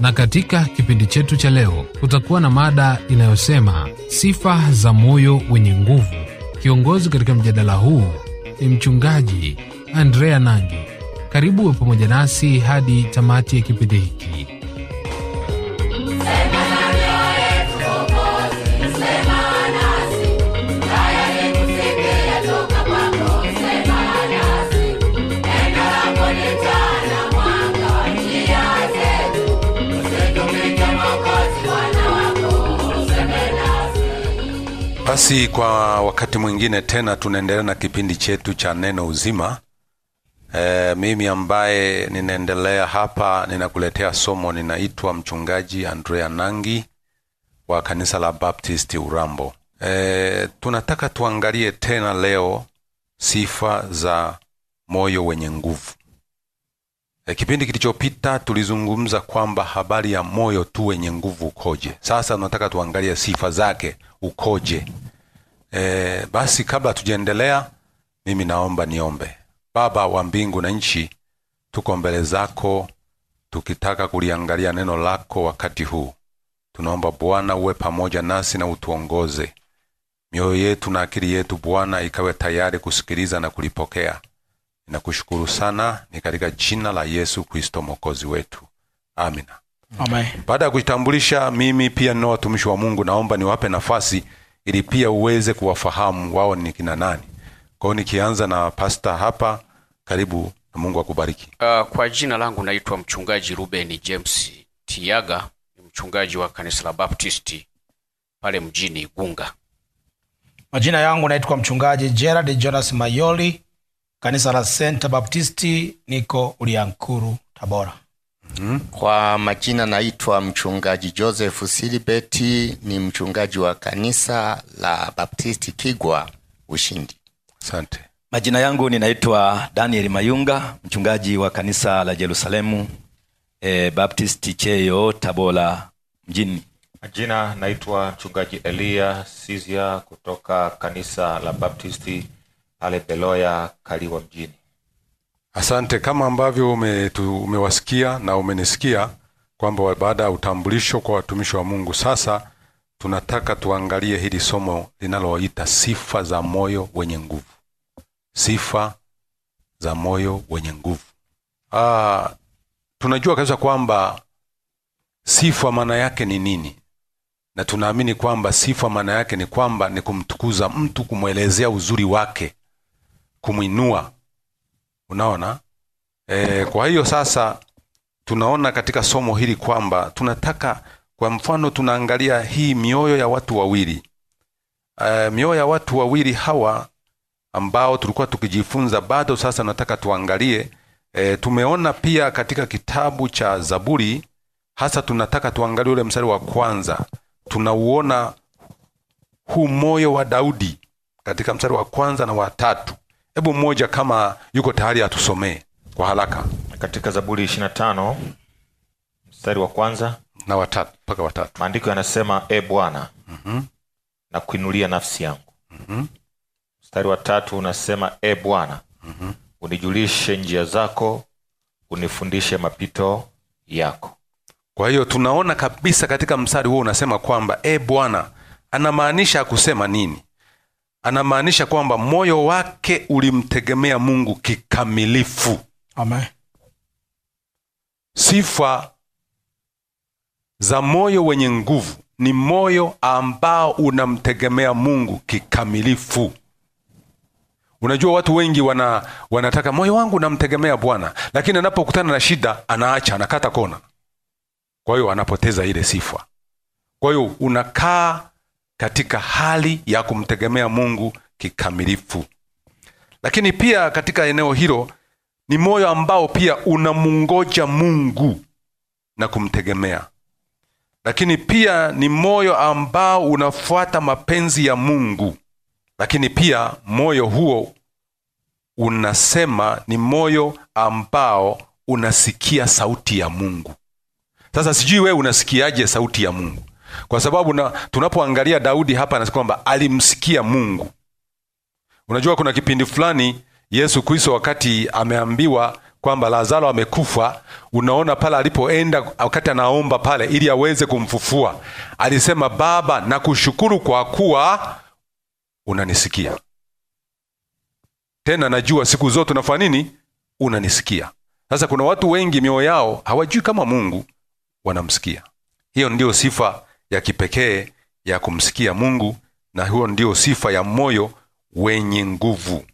na katika kipindi chetu cha leo kutakuwa na mada inayosema sifa za moyo wenye nguvu. Kiongozi katika mjadala huu ni mchungaji Andrea Nangi. Karibu we pamoja nasi hadi tamati ya kipindi hiki. Basi kwa wakati mwingine tena tunaendelea na kipindi chetu cha neno uzima. E, mimi ambaye ninaendelea hapa ninakuletea somo, ninaitwa mchungaji Andrea Nangi wa kanisa la Baptist Urambo. E, tunataka tuangalie tena leo sifa za moyo wenye nguvu. E, kipindi kilichopita tulizungumza kwamba habari ya moyo tu wenye nguvu ukoje. Sasa tunataka tuangalie sifa zake ukoje. E, basi kabla tujaendelea mimi naomba niombe. Baba wa mbingu na nchi, tuko mbele zako tukitaka kuliangalia neno lako wakati huu. Tunaomba Bwana uwe pamoja nasi na utuongoze. Mioyo yetu na akili yetu Bwana ikawe tayari kusikiliza na kulipokea. Ninakushukuru sana, ni katika jina la Yesu Kristo mwokozi wetu, amina. Baada ya kujitambulisha, mimi pia ninao watumishi wa Mungu, naomba niwape nafasi ili pia uweze kuwafahamu wao ni kina nani. Kwa hiyo nikianza na pasta hapa karibu, na Mungu akubariki. Uh, kwa jina langu naitwa mchungaji Ruben James Tiaga, ni mchungaji wa kanisa la Baptisti pale mjini Igunga. Majina yangu naitwa mchungaji Gerard Jonas Mayoli, kanisa la Senta Baptisti, niko Uliankuru, Tabora. Kwa majina naitwa mchungaji Joseph Silibeti, ni mchungaji wa kanisa la Baptisti Kigwa Ushindi. Asante. Majina yangu ninaitwa Daniel Mayunga, mchungaji wa kanisa la jerusalemu e, Baptisti Cheyo Tabora mjini. Majina naitwa mchungaji Elia Sizia kutoka kanisa la Baptisti pale Beloya Kaliwa mjini. Asante kama ambavyo ume, tu, umewasikia na umenisikia kwamba baada ya utambulisho kwa watumishi wa Mungu, sasa tunataka tuangalie hili somo linaloita sifa za moyo wenye nguvu. Sifa za moyo wenye nguvu. Ah, tunajua kabisa kwamba sifa maana yake ni nini, na tunaamini kwamba sifa maana yake ni kwamba ni kumtukuza mtu, kumwelezea uzuri wake, kumwinua Unaona e, kwa hiyo sasa tunaona katika somo hili kwamba tunataka kwa mfano tunaangalia hii mioyo ya watu wawili e, mioyo ya watu wawili hawa ambao tulikuwa tukijifunza bado. Sasa nataka tuangalie e, tumeona pia katika kitabu cha Zaburi, hasa tunataka tuangalie ule mstari wa kwanza, tunauona huu moyo wa Daudi katika mstari wa kwanza na wa tatu. Hebu mmoja kama yuko tayari atusomee kwa haraka katika Zaburi 25 mstari wa kwanza na watatu mpaka watatu. Maandiko yanasema e Bwana, mm -hmm. na kuinulia nafsi yangu. mm -hmm. Mstari wa tatu unasema e Bwana, mm -hmm. unijulishe njia zako, unifundishe mapito yako. Kwa hiyo tunaona kabisa katika mstari huo unasema kwamba e Bwana, anamaanisha kusema nini? anamaanisha kwamba moyo wake ulimtegemea Mungu kikamilifu. Amen. Sifa za moyo wenye nguvu ni moyo ambao unamtegemea Mungu kikamilifu. Unajua, watu wengi wana, wanataka moyo wangu unamtegemea Bwana, lakini anapokutana na shida anaacha, anakata kona. Kwa hiyo anapoteza ile sifa. Kwa hiyo unakaa katika hali ya kumtegemea Mungu kikamilifu. Lakini pia katika eneo hilo ni moyo ambao pia unamungoja Mungu na kumtegemea, lakini pia ni moyo ambao unafuata mapenzi ya Mungu, lakini pia moyo huo unasema, ni moyo ambao unasikia sauti ya Mungu. Sasa sijui wewe unasikiaje sauti ya Mungu? kwa sababu na tunapoangalia Daudi hapa anasema kwamba alimsikia Mungu. Unajua, kuna kipindi fulani Yesu Kristo wakati ameambiwa kwamba Lazaro amekufa, unaona pale alipoenda wakati anaomba pale ili aweze kumfufua, alisema Baba, nakushukuru kwa kuwa unanisikia tena, najua siku zote unafanya nini, unanisikia. Sasa kuna watu wengi mioyo yao hawajui kama Mungu wanamsikia. Hiyo ndiyo sifa ya kipekee ya kumsikia Mungu, na huo ndio sifa ya moyo wenye nguvu.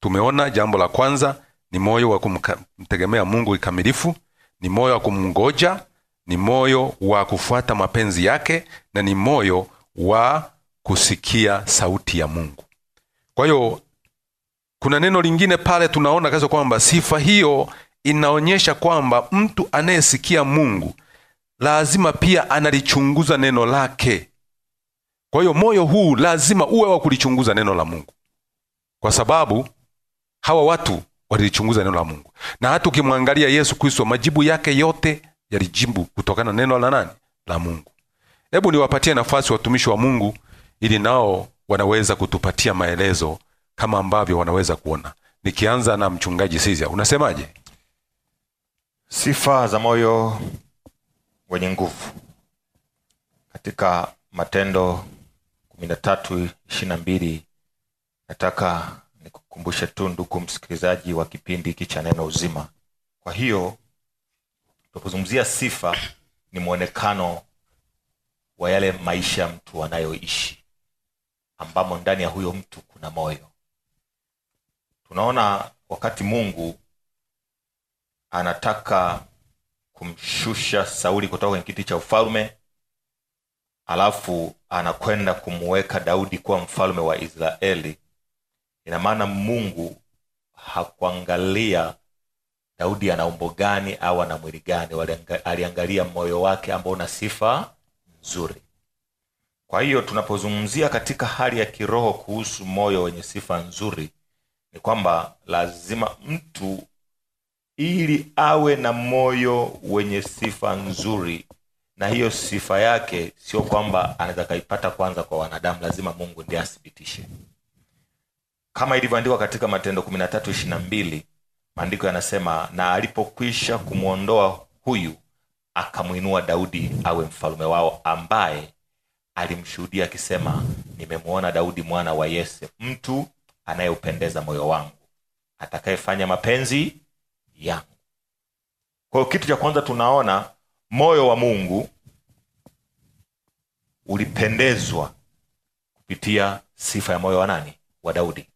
Tumeona jambo la kwanza ni moyo wa kumtegemea Mungu kikamilifu, ni moyo wa kumngoja, ni moyo wa kufuata mapenzi yake, na ni moyo wa kusikia sauti ya Mungu. Kwa hiyo kuna neno lingine pale tunaona kaza kwamba sifa hiyo inaonyesha kwamba mtu anayesikia Mungu lazima pia analichunguza neno lake. Kwa hiyo moyo huu lazima uwe wa kulichunguza neno la Mungu, kwa sababu hawa watu walilichunguza neno la Mungu. Na hata ukimwangalia Yesu Kristo, majibu yake yote yalijibu kutokana na neno la nani? La Mungu. Hebu niwapatie nafasi watumishi wa Mungu ili nao wanaweza kutupatia maelezo kama ambavyo wanaweza kuona. Nikianza na mchungaji Sizia, unasemaje sifa za moyo wenye nguvu katika matendo kumi na tatu ishiri na mbili nataka nikukumbushe tu ndugu msikilizaji wa kipindi hiki cha neno uzima kwa hiyo tunapozungumzia sifa ni mwonekano wa yale maisha ya mtu anayoishi ambamo ndani ya huyo mtu kuna moyo tunaona wakati mungu anataka kumshusha Sauli kutoka kwenye kiti cha ufalme, alafu anakwenda kumuweka Daudi kuwa mfalme wa Israeli. Ina maana Mungu hakuangalia Daudi ana umbo gani au ana mwili gani, aliangalia moyo wake ambao una sifa nzuri. Kwa hiyo tunapozungumzia katika hali ya kiroho kuhusu moyo wenye sifa nzuri, ni kwamba lazima mtu ili awe na moyo wenye sifa nzuri, na hiyo sifa yake sio kwamba anaweza kaipata kwanza kwa wanadamu, lazima Mungu ndiye athibitishe, kama ilivyoandikwa katika Matendo kumi na tatu ishirini na mbili. Maandiko yanasema na alipokwisha kumwondoa huyu akamwinua Daudi awe mfalume wao, ambaye alimshuhudia akisema, nimemwona Daudi mwana wa Yese, mtu anayeupendeza moyo wangu, atakayefanya mapenzi yangu. Kwa hiyo kitu cha kwanza tunaona moyo wa Mungu ulipendezwa kupitia sifa ya moyo wa nani? Wa Daudi.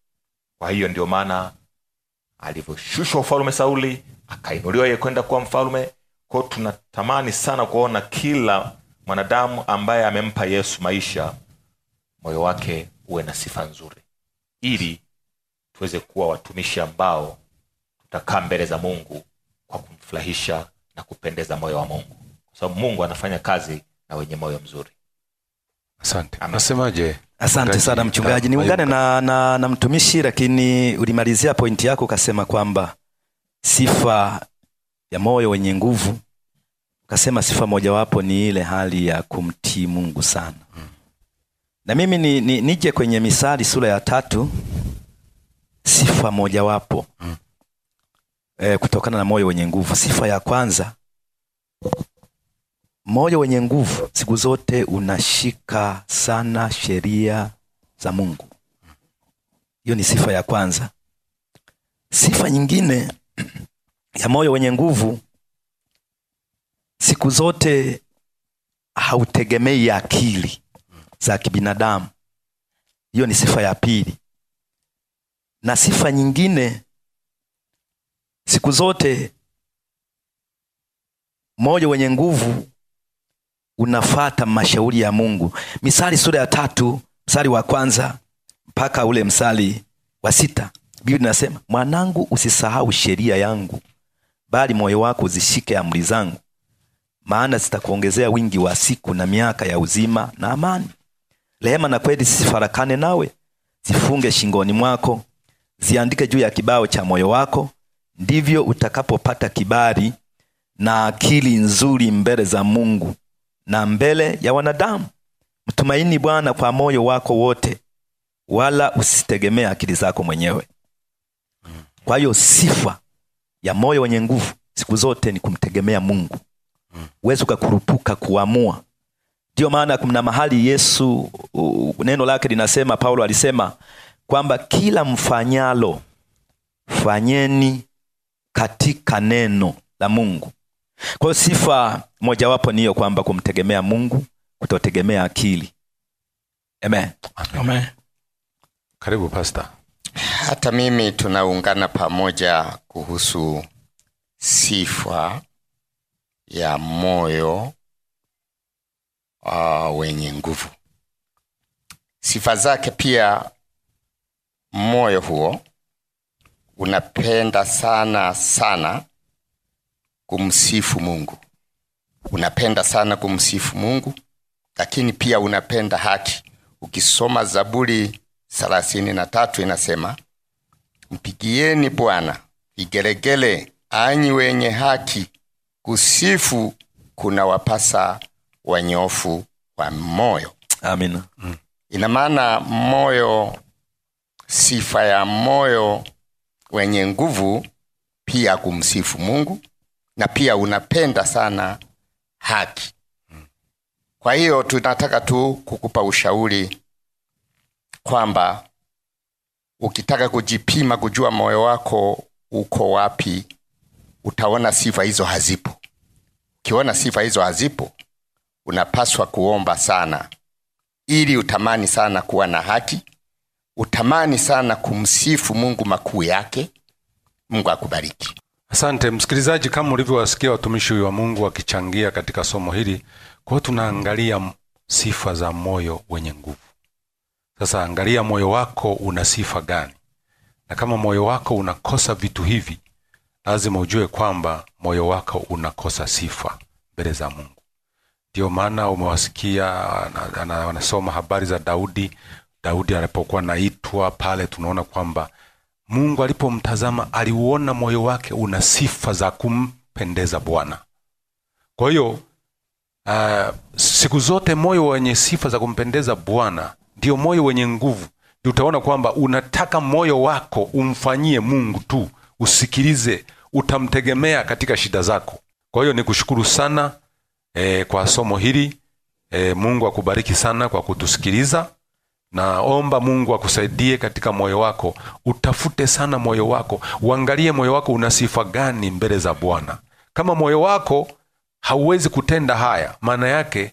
Kwa hiyo ndio maana alivyoshushwa ufalume Sauli, akainuliwa yeye kwenda kuwa mfalume Kwa tunatamani sana kuona kila mwanadamu ambaye amempa Yesu maisha, moyo wake uwe na sifa nzuri, ili tuweze kuwa watumishi ambao utakaa mbele za mungu kwa kumfurahisha na kupendeza moyo wa mungu kwa sababu mungu anafanya kazi na wenye moyo mzuri asante nasemaje asante sana mchungaji niungane na, na, na mtumishi lakini ulimalizia pointi yako ukasema kwamba sifa ya moyo wenye nguvu ukasema sifa mojawapo ni ile hali ya kumtii mungu sana hmm. na mimi ni, ni, nije kwenye misali sura ya tatu sifa mojawapo hmm eh, kutokana na moyo wenye nguvu. Sifa ya kwanza, moyo wenye nguvu siku zote unashika sana sheria za Mungu. Hiyo ni sifa ya kwanza. Sifa nyingine ya moyo wenye nguvu, siku zote hautegemei akili za kibinadamu. Hiyo ni sifa ya pili. Na sifa nyingine Siku zote moyo wenye nguvu unafata mashauri ya Mungu. Misali sura ya tatu msali wa kwanza mpaka ule msali wa sita Biblia inasema, mwanangu, usisahau sheria yangu, bali moyo wako uzishike amri zangu, maana zitakuongezea wingi wa siku na miaka ya uzima na amani. Rehema na kweli zisifarakane nawe, zifunge shingoni mwako, ziandike juu ya kibao cha moyo wako ndivyo utakapopata kibali na akili nzuri mbele za Mungu na mbele ya wanadamu. Mtumaini Bwana kwa moyo wako wote, wala usitegemee akili zako mwenyewe. Kwa hiyo sifa ya moyo wenye nguvu siku zote ni kumtegemea Mungu, uwezi ukakurupuka kuamua. Ndiyo maana kuna mahali Yesu neno lake linasema, Paulo alisema kwamba kila mfanyalo fanyeni katika neno la Mungu. Kwa hiyo sifa mojawapo ni hiyo kwamba kumtegemea Mungu, kutotegemea akili. Amen. Amen. Karibu Pastor. Hata mimi tunaungana pamoja kuhusu sifa ya moyo uh, wenye nguvu. Sifa zake pia moyo huo unapenda sana sana kumsifu Mungu, unapenda sana kumsifu Mungu, lakini pia unapenda haki. Ukisoma Zaburi thelathini na tatu inasema mpigieni Bwana vigelegele, anyi wenye haki, kusifu kuna wapasa wanyofu wa moyo. Amina. Ina maana moyo, sifa ya moyo wenye nguvu pia kumsifu Mungu na pia unapenda sana haki. Kwa hiyo tunataka tu kukupa ushauri kwamba ukitaka kujipima, kujua moyo wako uko wapi, utaona sifa hizo hazipo. Ukiona sifa hizo hazipo, unapaswa kuomba sana, ili utamani sana kuwa na haki utamani sana kumsifu Mungu makuu yake. Mungu akubariki. Asante msikilizaji, kama ulivyowasikia watumishi wa Mungu wakichangia katika somo hili. Kwa hiyo tunaangalia sifa za moyo wenye nguvu. Sasa angalia moyo wako una sifa gani, na kama moyo wako unakosa vitu hivi, lazima ujue kwamba moyo wako unakosa sifa mbele za Mungu. Ndiyo maana umewasikia wanasoma habari za Daudi Daudi alipokuwa naitwa pale, tunaona kwamba Mungu alipomtazama aliuona moyo wake una sifa za kumpendeza Bwana. Kwa hiyo uh, siku zote moyo wenye sifa za kumpendeza Bwana ndio moyo wenye nguvu. Utaona kwamba unataka moyo wako umfanyie Mungu tu, usikilize, utamtegemea katika shida zako. Kwa hiyo nikushukuru sana eh, kwa somo hili eh, Mungu akubariki sana kwa kutusikiliza. Naomba Mungu akusaidie katika moyo wako, utafute sana moyo wako, uangalie moyo wako una sifa gani mbele za Bwana. Kama moyo wako hauwezi kutenda haya, maana yake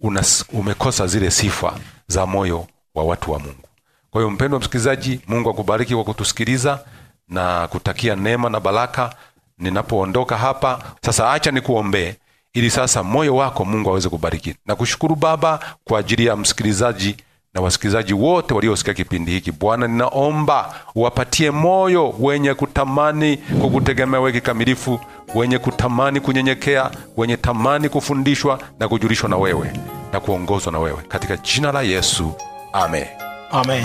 unas, umekosa zile sifa za moyo wa watu wa Mungu. Kwa hiyo mpendwa msikilizaji, Mungu akubariki kwa kutusikiliza na kutakia neema na baraka ninapoondoka hapa sasa. Acha nikuombee ili sasa moyo wako Mungu aweze kubariki. Nakushukuru Baba kwa ajili ya msikilizaji na wasikilizaji wote waliosikia kipindi hiki. Bwana, ninaomba uwapatie moyo wenye kutamani kukutegemea wewe kikamilifu, wenye kutamani kunyenyekea, wenye tamani kufundishwa na kujulishwa na wewe na kuongozwa na wewe, katika jina la Yesu, amen, amen.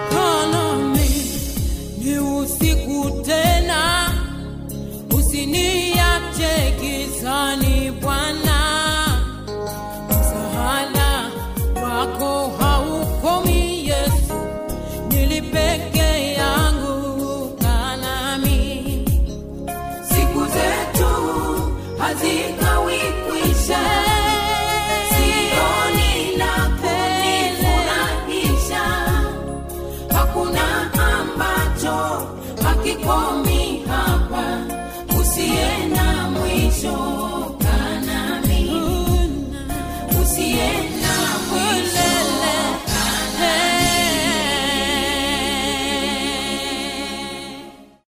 Brasil.